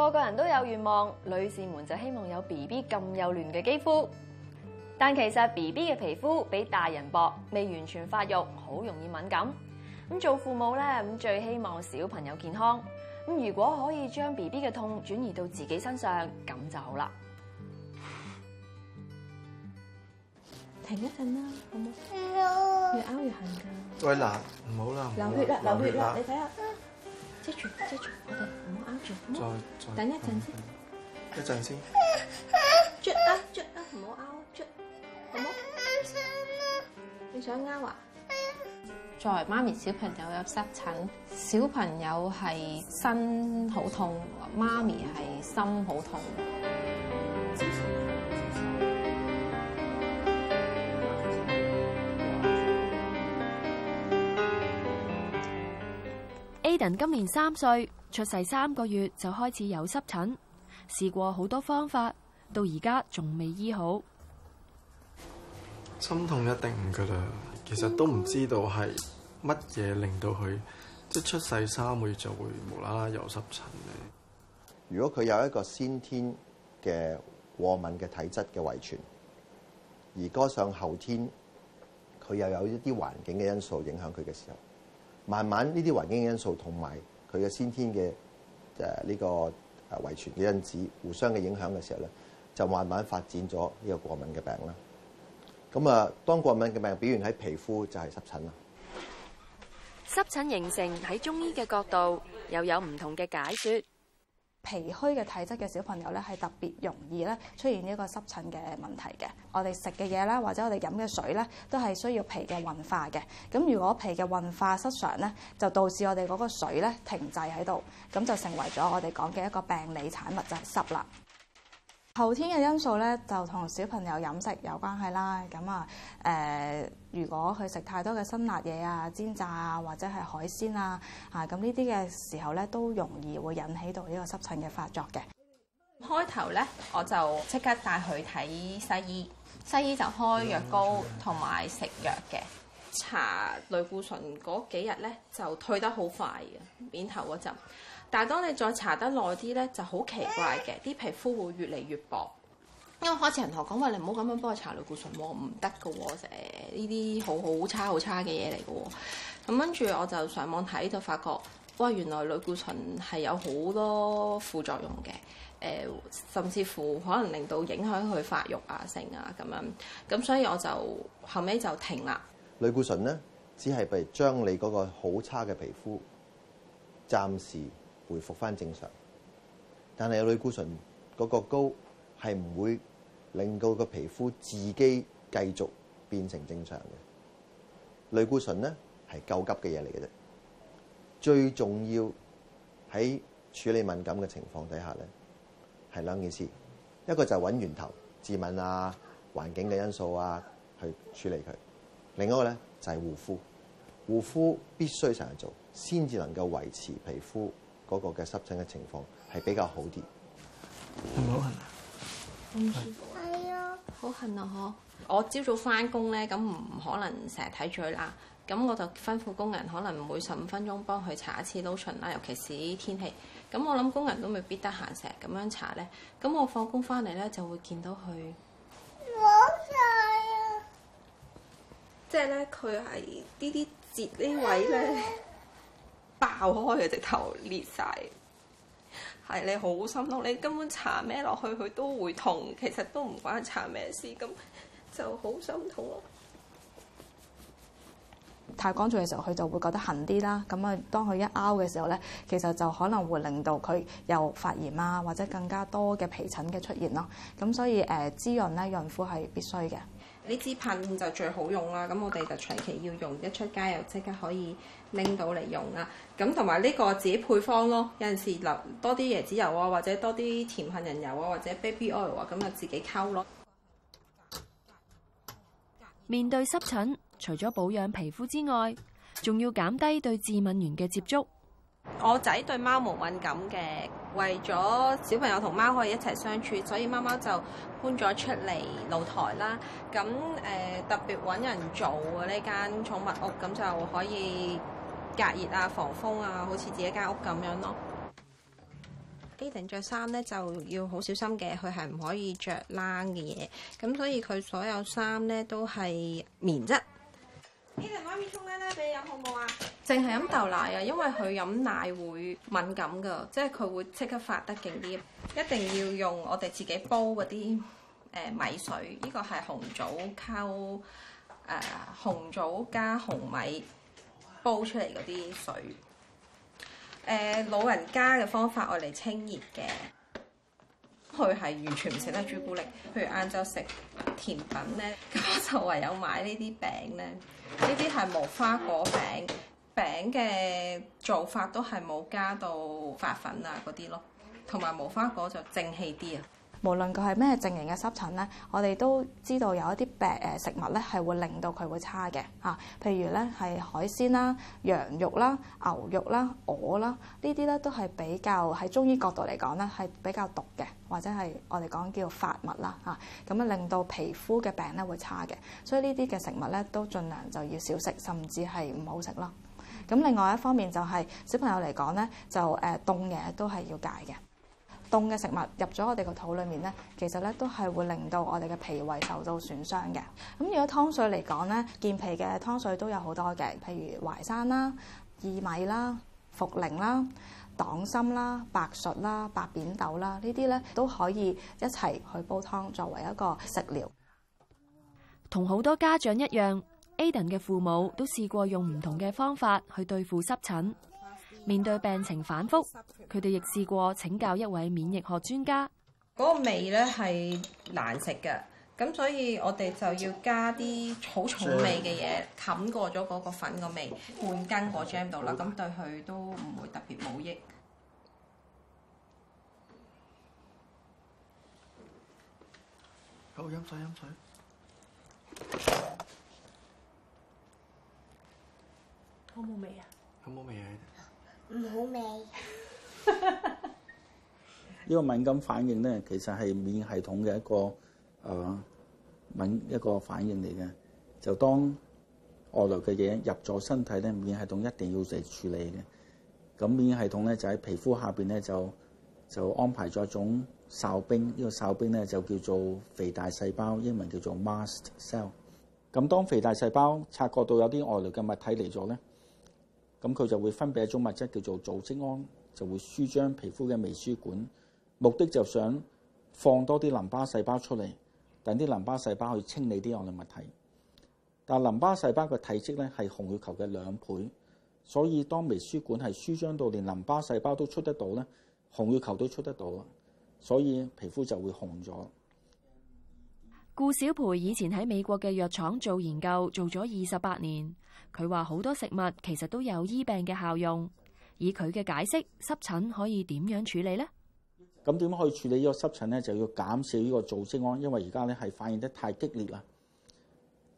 個個人都有願望，女士們就希望有 B B 咁幼嫩嘅肌膚。但其實 B B 嘅皮膚比大人薄，未完全發育，好容易敏感。咁做父母咧，咁最希望小朋友健康。咁如果可以將 B B 嘅痛轉移到自己身上，咁就好啦。停一陣啦，好唔好？冇。越拗越痕㗎。喂，嗱，唔好啦，了流血啦，流血啦，血你睇下。捉住，捉住，我哋唔好拗住，嗯，等一陣先，一陣先，啊，唔好拗住。好冇？你想拗啊？作為媽咪，小朋友有濕疹，小朋友係身好痛，媽咪係心好痛。人今年三歲，出世三個月就開始有濕疹，試過好多方法，到而家仲未醫好。心痛一定唔噶啦，其實都唔知道係乜嘢令到佢即出世三個月就會冇啦啦有濕疹嘅。如果佢有一個先天嘅過敏嘅體質嘅遺傳，而加上後天佢又有一啲環境嘅因素影響佢嘅時候。慢慢呢啲環境因素同埋佢嘅先天嘅誒呢個誒遺傳嘅因子互相嘅影響嘅時候咧，就慢慢發展咗呢個過敏嘅病啦。咁啊，當過敏嘅病表現喺皮膚就係濕疹啦。濕疹形成喺中醫嘅角度又有唔同嘅解説。脾虛嘅體質嘅小朋友咧，係特別容易咧出現呢個濕疹嘅問題嘅。我哋食嘅嘢啦，或者我哋飲嘅水咧，都係需要脾嘅運化嘅。咁如果脾嘅運化失常咧，就導致我哋嗰個水咧停滯喺度，咁就成為咗我哋講嘅一個病理產物，就係濕啦。後天嘅因素咧，就同小朋友飲食有關係啦。咁啊，誒、呃，如果佢食太多嘅辛辣嘢啊、煎炸啊，或者係海鮮啊，吓咁呢啲嘅時候咧，都容易會引起到呢個濕疹嘅發作嘅。開頭咧，我就即刻帶佢睇西醫，西醫就開藥膏同埋食藥嘅。搽類固醇嗰幾日咧，就退得好快嘅，面頭嗰陣。但係，當你再搽得耐啲咧，就好奇怪嘅。啲皮膚會越嚟越薄。因為開始人同我講話，你唔好咁樣幫我搽類固醇喎，唔得㗎喎。呢啲好好差好差嘅嘢嚟嘅喎。咁跟住我就上網睇，就發覺哇，原來類固醇係有好多副作用嘅。誒，甚至乎可能令到影響佢發育啊、性啊咁樣。咁所以我就後尾就停啦。類固醇咧，只係被將你嗰個好差嘅皮膚暫時。回復翻正常，但係有類固醇嗰個膏係唔會令到個皮膚自己繼續變成正常嘅。類固醇咧，係救急嘅嘢嚟嘅啫。最重要喺處理敏感嘅情況底下咧，係兩件事，一個就係揾源頭，自敏啊、環境嘅因素啊，去處理佢；另一個咧就係護膚，護膚必須成日做，先至能夠維持皮膚。嗰個嘅濕疹嘅情況係比較好啲，係好痕歉啊？係啊，好痕啊！嗬，我朝早返工咧，咁唔可能成日睇住佢啦。咁我就吩咐工人，可能每十五分鐘幫佢搽一次 lotion 啦，尤其是天氣。咁我諗工人都未必得閒成日咁樣搽咧。咁我放工返嚟咧，就會見到佢好曬啊！了即係咧，佢係呢啲摺呢位咧。爆開佢直頭裂晒，係你好心痛。你根本搽咩落去，佢都會痛。其實都唔關搽咩事，咁就好心痛咯。太乾燥嘅時候，佢就會覺得痕啲啦。咁啊，當佢一拗嘅時候咧，其實就可能會令到佢又發炎啊，或者更加多嘅皮疹嘅出現咯。咁所以誒、呃，滋潤咧，潤膚係必須嘅。呢支噴就最好用啦，咁我哋就長期要用，一出街又即刻可以拎到嚟用啦。咁同埋呢個自己配方咯，有陣時留多啲椰子油啊，或者多啲甜杏仁油啊，或者 baby oil 啊，咁啊自己溝咯。面對濕疹，除咗保養皮膚之外，仲要減低對致敏原嘅接觸。我仔對貓毛敏感嘅，為咗小朋友同貓可以一齊相處，所以貓貓就搬咗出嚟露台啦。咁誒、呃、特別揾人做呢間、這個、寵物屋，咁就可以隔熱啊、防風啊，好似自己間屋咁樣咯。Hayden 着衫呢，就要好小心嘅，佢係唔可以着冷嘅嘢，咁所以佢所有衫呢，都係棉質。好啊？淨係飲豆奶啊，因為佢飲奶會敏感噶，即係佢會即刻發得勁啲，一定要用我哋自己煲嗰啲誒米水，呢、這個係紅棗溝誒紅棗加紅米煲出嚟嗰啲水，誒、呃、老人家嘅方法我哋嚟清熱嘅。佢係完全唔食得朱古力，譬如晏晝食甜品咧，咁我就唯有買呢啲餅咧。呢啲係無花果餅，餅嘅做法都係冇加到發粉啊嗰啲咯，同埋無花果就正氣啲啊。無論佢係咩症型嘅濕疹咧，我哋都知道有一啲病食物咧係會令到佢會差嘅嚇，譬如咧係海鮮啦、羊肉啦、牛肉啦、鵝啦，呢啲咧都係比較喺中醫角度嚟講咧係比較毒嘅，或者係我哋講叫發物啦嚇，咁啊令到皮膚嘅病咧會差嘅，所以呢啲嘅食物咧都盡量就要少食，甚至係唔好食啦。咁另外一方面就係小朋友嚟講咧，就誒凍嘢都係要戒嘅。凍嘅食物入咗我哋個肚裡面咧，其實咧都係會令到我哋嘅脾胃受到損傷嘅。咁如果湯水嚟講咧，健脾嘅湯水都有好多嘅，譬如淮山啦、薏米啦、茯苓啦、黨參啦、白術啦、白扁豆啦，呢啲咧都可以一齊去煲湯作為一個食療。同好多家長一樣，Aden 嘅父母都試過用唔同嘅方法去對付濕疹。面對病情反覆，佢哋亦試過請教一位免疫學專家。嗰個味咧係難食嘅，咁所以我哋就要加啲草草味嘅嘢冚過咗嗰個粉個味，半斤個 jam 度啦，咁對佢都唔會特別冇益。好飲水，飲水，好冇味啊！好冇味啊！唔好味。呢 個敏感反應咧，其實係免疫系統嘅一個誒敏、呃、一個反應嚟嘅。就當外來嘅嘢入咗身體咧，免疫系統一定要嚟處理嘅。咁免疫系統咧就喺皮膚下邊咧就就安排咗一種哨兵。呢、這個哨兵咧就叫做肥大細胞，英文叫做 mast cell。咁當肥大細胞察覺到有啲外來嘅物體嚟咗咧。咁佢就會分泌一種物質叫做組織胺，就會舒張皮膚嘅微血管，目的就是想放多啲淋巴細胞出嚟，等啲淋巴細胞去清理啲異物體。但淋巴細胞嘅體積咧係紅血球嘅兩倍，所以當微血管係舒張到連淋巴細胞都出得到咧，紅血球都出得到，所以皮膚就會紅咗。顧小培以前喺美國嘅藥廠做研究，做咗二十八年。佢話好多食物其實都有醫病嘅效用。以佢嘅解釋，濕疹可以點樣處理咧？咁點樣可以處理呢個濕疹咧？就要減少呢個組織胺，因為而家咧係反應得太激烈啦。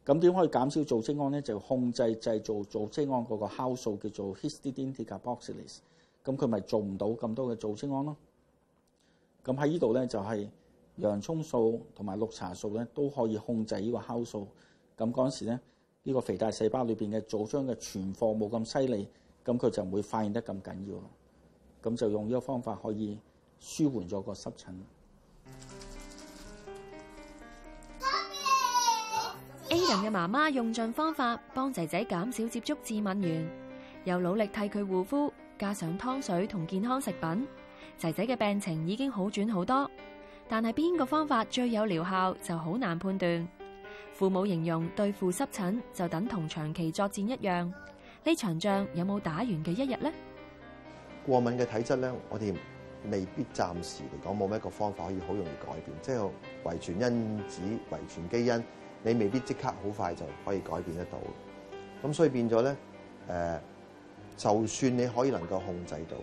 咁點可以減少組織胺咧？就控制製造組織胺嗰個酵素，叫做 histidine decarboxylase。咁佢咪做唔到咁多嘅組織胺咯？咁喺呢度咧就係。洋葱素同埋綠茶素咧都可以控制呢個酵素。咁嗰陣時咧，呢個肥大細胞裏邊嘅組裝嘅存貨冇咁犀利，咁佢就唔會發現得咁緊要。咁就用呢個方法可以舒緩咗個濕疹。Aaron 嘅媽媽用盡方法幫仔仔減少接觸致敏源，又努力替佢護膚，加上湯水同健康食品，仔仔嘅病情已經好轉好多。但係邊個方法最有療效就好難判斷。父母形容對付濕疹就等同長期作戰一樣，呢場仗有冇打完嘅一日呢？過敏嘅體質咧，我哋未必暫時嚟講冇咩一個方法可以好容易改變，即係遺傳因子、遺傳基因，你未必即刻好快就可以改變得到。咁所以變咗咧，誒，就算你可以能夠控制到。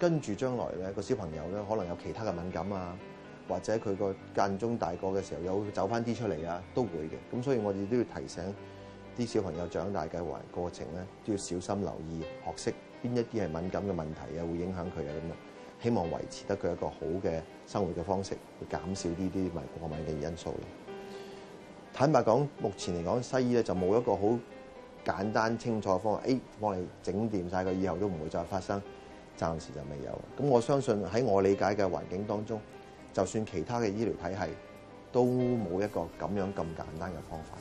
跟住將來咧，個小朋友咧可能有其他嘅敏感啊，或者佢個間中大個嘅時候有走翻啲出嚟啊，都會嘅。咁所以我哋都要提醒啲小朋友長大嘅環過程咧，都要小心留意，學識邊一啲係敏感嘅問題啊，會影響佢啊咁樣。希望維持得佢一個好嘅生活嘅方式，去減少呢啲咪過敏嘅因素咯。坦白講，目前嚟講，西醫咧就冇一個好簡單清楚嘅方法，A 幫、哎、你整掂晒佢，以後都唔會再發生。暫時就未有，咁我相信喺我理解嘅環境當中，就算其他嘅醫療體系都冇一個咁樣咁簡單嘅方法。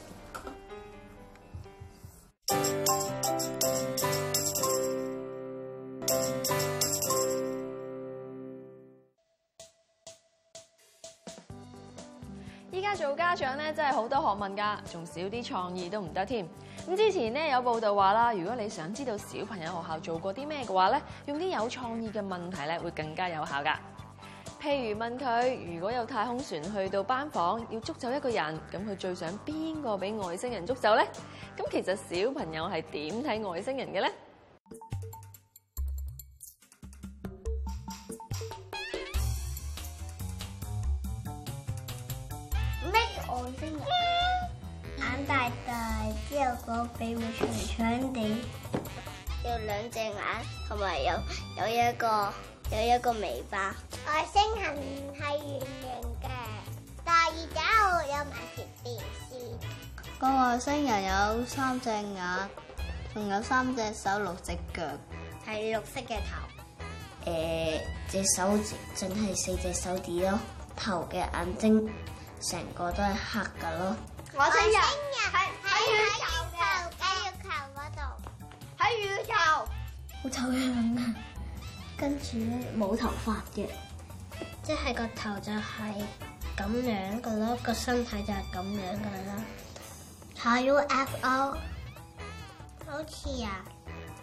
真係好多學問噶，仲少啲創意都唔得添。咁之前咧有報道話啦，如果你想知道小朋友學校做過啲咩嘅話咧，用啲有創意嘅問題咧會更加有效噶。譬如問佢，如果有太空船去到班房，要捉走一個人，咁佢最想邊個俾外星人捉走咧？咁其實小朋友係點睇外星人嘅咧？外星人眼大大，之後個鼻會長長哋，有兩隻眼，同埋有有一個，有一個尾巴。外星人係圓形嘅，第二張有埋條電視。個外星人有三隻眼，仲有三隻手，六隻腳，係綠色嘅頭。誒，隻手指淨係四隻手指咯，頭嘅眼睛。成個都係黑噶咯。我聽日喺喺宇宙，喺月球嗰度，喺宇宙，好醜樣啊！跟住咧，冇頭髮嘅，即係個頭就係咁樣噶咯，個身體就係咁樣噶啦。睇 UFO，好似啊，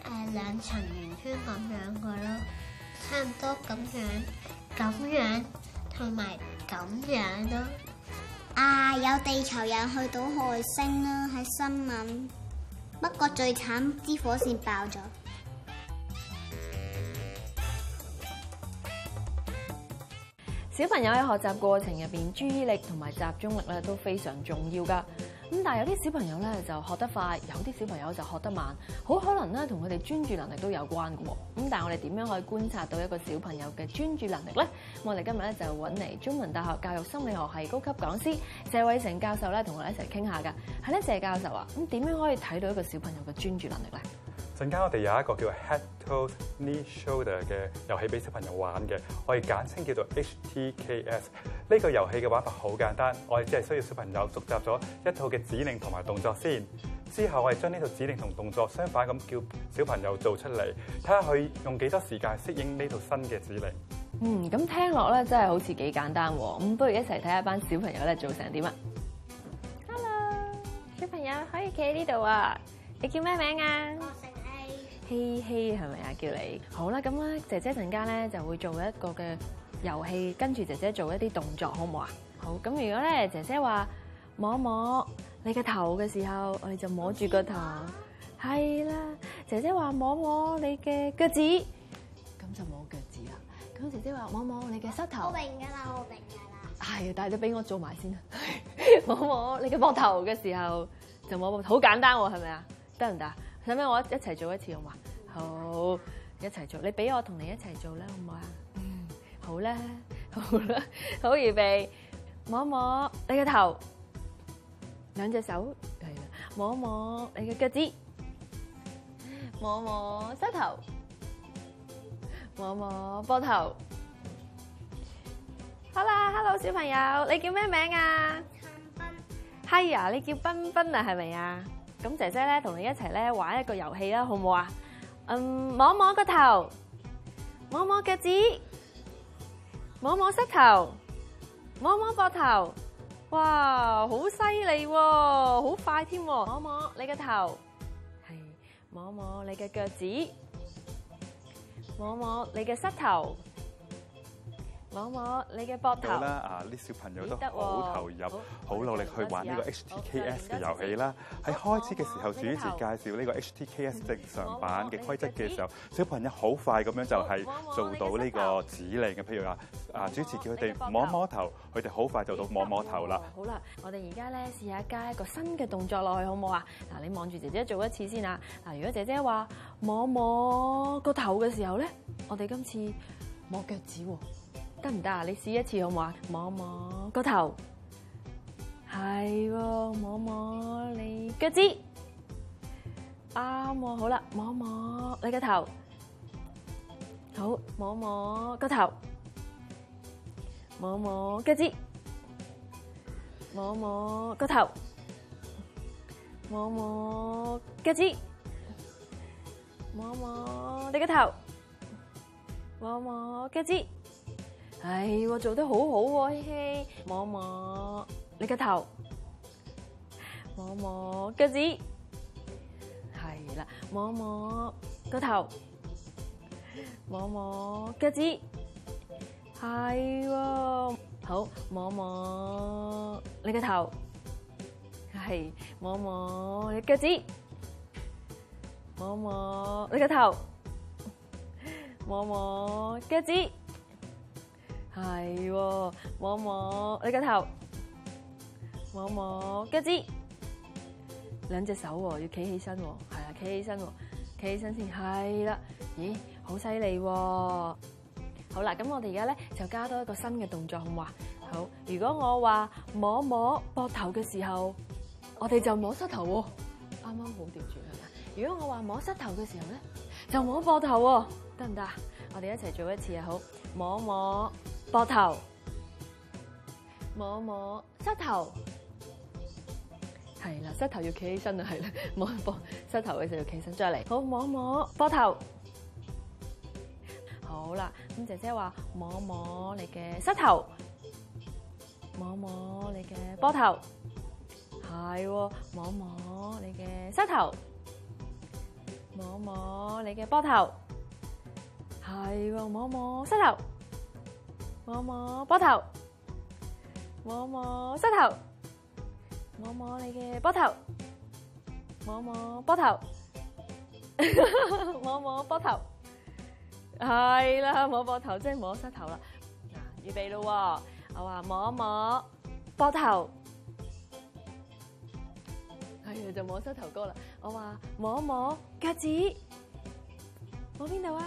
誒兩層圓圈咁樣噶咯，差唔多咁樣，咁樣同埋咁樣咯。啊！有地球人去到外星啦，喺新聞。不過最慘支火箭爆咗。小朋友喺學習過程入邊，注意力同埋集中力咧，都非常重要噶。咁但係有啲小朋友咧就學得快，有啲小朋友就學得慢，好可能咧同佢哋專注能力都有關噶喎。咁但係我哋點樣可以觀察到一個小朋友嘅專注能力咧？我哋今日咧就揾嚟中文大學教育心理學系高級講師謝偉成教授咧同我哋一齊傾下噶。係咧，謝教授啊，咁點樣可以睇到一個小朋友嘅專注能力咧？陣間我哋有一個叫 Head, Toes, Knees, Shoulders 嘅遊戲俾小朋友玩嘅，我哋簡稱叫做 HTKS。呢個遊戲嘅玩法好簡單，我哋只係需要小朋友熟習咗一套嘅指令同埋動作先。之後我哋將呢套指令同動作相反咁叫小朋友做出嚟，睇下佢用幾多時間適應呢套新嘅指令。嗯，咁聽落咧真係好似幾簡單喎。咁不如一齊睇下班小朋友咧做成點啊！Hello，小朋友可以企喺呢度啊！你叫咩名啊？嘻嘻，係咪啊？叫你好啦，咁咧，姐姐陣間咧就會做一個嘅遊戲，跟住姐姐做一啲動作，好唔好啊？好，咁如果咧，姐姐話摸摸你嘅頭嘅時候，我哋就摸住個頭。係啦，姐姐話摸摸你嘅腳趾，咁就摸腳趾啦。咁姐姐話摸摸你嘅膝頭，我明噶啦，我明噶啦。係，但係都俾我做埋先啦。 摸摸你嘅膊頭嘅時候，就摸摸，好簡單喎，係咪啊？得唔得？行不行？使唔使我一齊做一次？我話好，一齊做。你俾我同你一齊做啦，好唔好啊？嗯，好啦，好啦，好預備。摸一摸你個頭，兩隻手，係啦。摸一摸你個腳趾，摸一摸膝頭，摸一摸膊頭。好啦，Hello 小朋友，你叫咩名啊？燦彬芬。係啊，你叫彬彬啊，係咪啊？咁姐姐咧同你一齊咧玩一個遊戲啦，好唔好啊？嗯，摸摸個頭，摸摸腳趾，摸摸膝頭，摸摸膊頭。哇，好犀利喎，好快添喎。摸摸你個頭，係摸摸你嘅腳趾，摸摸你嘅膝頭。摸摸你嘅膊頭。咁啦，啊啲小朋友都好投入，好努力去玩呢個 H T K S 嘅遊戲啦。喺開始嘅時候，主持介紹呢個 H T K S 正常版嘅規則嘅時候，小朋友好快咁樣就係做到呢個指令嘅，譬如話啊，主持叫佢哋摸摸頭，佢哋好快就到摸摸頭啦。好啦，我哋而家咧試下加一個新嘅動作落去，好唔好啊？嗱，你望住姐姐做一次先啊。嗱，如果姐姐話摸摸個頭嘅時候咧，我哋今次摸腳趾喎。得唔得啊？你試一次好唔好啊？摸摸個頭，係摸摸你腳趾，啱喎，好啦，摸摸你個頭，好摸摸個頭，摸摸腳趾，摸摸個頭，摸摸腳趾，摸摸你個頭，摸摸腳趾。係、啊，做得好好，嘻嘻，摸摸你個頭，摸摸腳趾，係啦、啊，摸摸個頭，摸摸腳趾，係，好，摸摸你個頭，係摸摸你腳趾，摸摸你個頭，摸摸腳趾。係、哦、摸摸你個頭，摸摸腳趾，兩隻手、哦、要企起身、哦，係啊，企起身、哦，企起身先。係啦，咦，好犀利！好啦，咁我哋而家咧就加多一個新嘅動作，好嘛？好，如果我話摸摸膊頭嘅時候，我哋就摸膝頭、哦。啱啱好調轉，係咪？如果我話摸膝頭嘅時候咧，就摸膊頭、哦，得唔得？我哋一齊做一次又好，摸摸。膊頭，摸摸膝頭，係啦，膝頭要企起身啦，係啦，摸摸膝頭嘅時候要企起身，再嚟，好摸摸膊頭，好啦，咁姐姐話摸摸你嘅膝頭，摸摸你嘅膊頭，係摸摸你嘅膝頭，摸摸你嘅膊頭，係摸摸膝頭。摸摸膊頭，摸摸膝頭，摸摸你嘅膊頭，摸摸膊頭，摸摸膊頭，係啦， 摸膊頭真係摸膝頭啦。嗱，預備咯，我話摸一摸膊頭，哎呀就摸膝頭哥啦。我話摸一摸腳趾，摸邊度啊？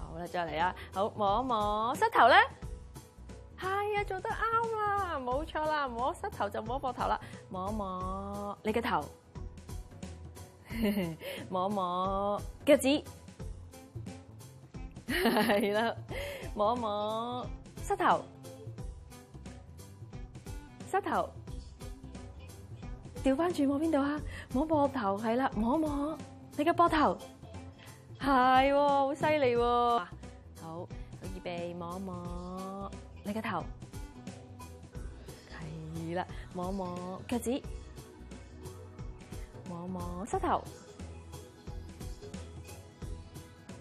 再嚟啊！好，摸一摸膝頭咧，係啊，做得啱啦、啊，冇錯啦，摸膝頭就摸膊頭啦，摸一摸你嘅頭呵呵，摸一摸腳趾，係啦、啊，摸一摸膝頭，膝頭掉翻轉摸邊度啊？摸膊頭係啦、啊，摸一摸你嘅膊頭。係，喎，好犀利。好，用鼻摸一摸你個頭，係啦，摸摸腳趾，摸摸膝頭，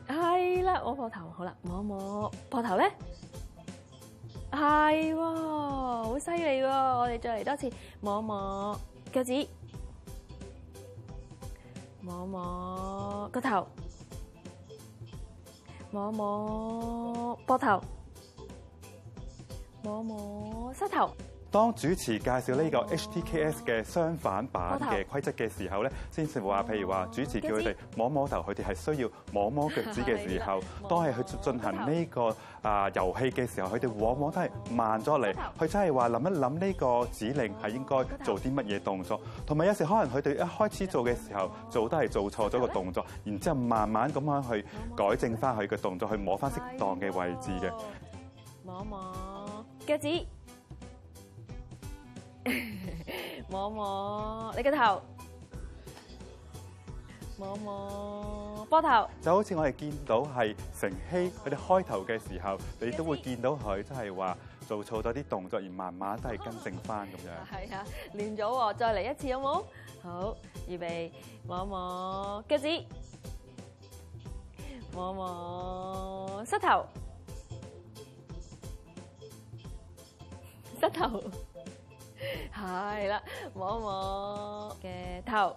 係啦，摸膊頭好啦，摸摸膊頭咧，係，好犀利。我哋再嚟多次，摸，摸摸腳趾，摸摸個頭。摸摸膊頭，摸摸膝頭。當主持介紹呢個 HTKS 嘅相反版嘅規則嘅時候咧，先至話，譬如話主持叫佢哋摸摸頭，佢哋係需要摸摸腳趾嘅時候，摸摸當係去進行呢個啊遊戲嘅時候，佢哋往往都係慢咗嚟，佢真係話諗一諗呢個指令係應該做啲乜嘢動作，同埋有，有時可能佢哋一開始做嘅時候做都係做錯咗個動作，然之後慢慢咁樣去改正翻佢嘅動作，去摸翻適當嘅位置嘅摸摸腳趾。摸摸你嘅頭，摸摸膊頭，就好似我哋見到係晨曦佢哋開頭嘅時候，你都會見到佢即係話做錯咗啲動作，而慢慢都係跟正翻咁樣。係啊，練咗再嚟一次好冇？好，預備摸摸腳趾，摸摸膝頭，膝頭。係啦，摸摸嘅頭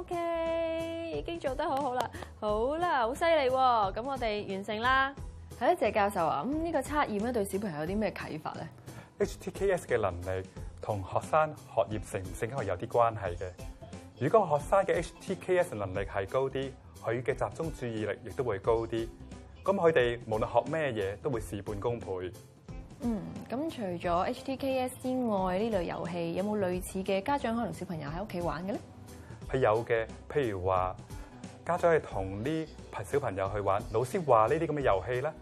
，OK，已經做得好好啦，好啦，好犀利喎！咁我哋完成啦，係啦，哎，謝教授啊，咁呢個測驗咧對小朋友有啲咩啟發咧？HTKS 嘅能力同學生學業成唔成功係有啲關係嘅。如果學生嘅 HTKS 能力係高啲，佢嘅集中注意力亦都會高啲，咁佢哋無論學咩嘢都會事半功倍。嗯，咁除咗 HTKS 之外，呢類遊戲有冇類似嘅家長可能小朋友喺屋企玩嘅咧？係有嘅，譬如話家長係同啲小朋友去玩，老師話呢啲咁嘅遊戲咧，呢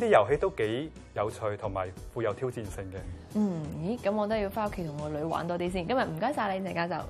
啲遊戲都幾有趣同埋富有挑戰性嘅。嗯，咦，咁我都要翻屋企同我女玩多啲先。今日唔該晒你，鄭教授。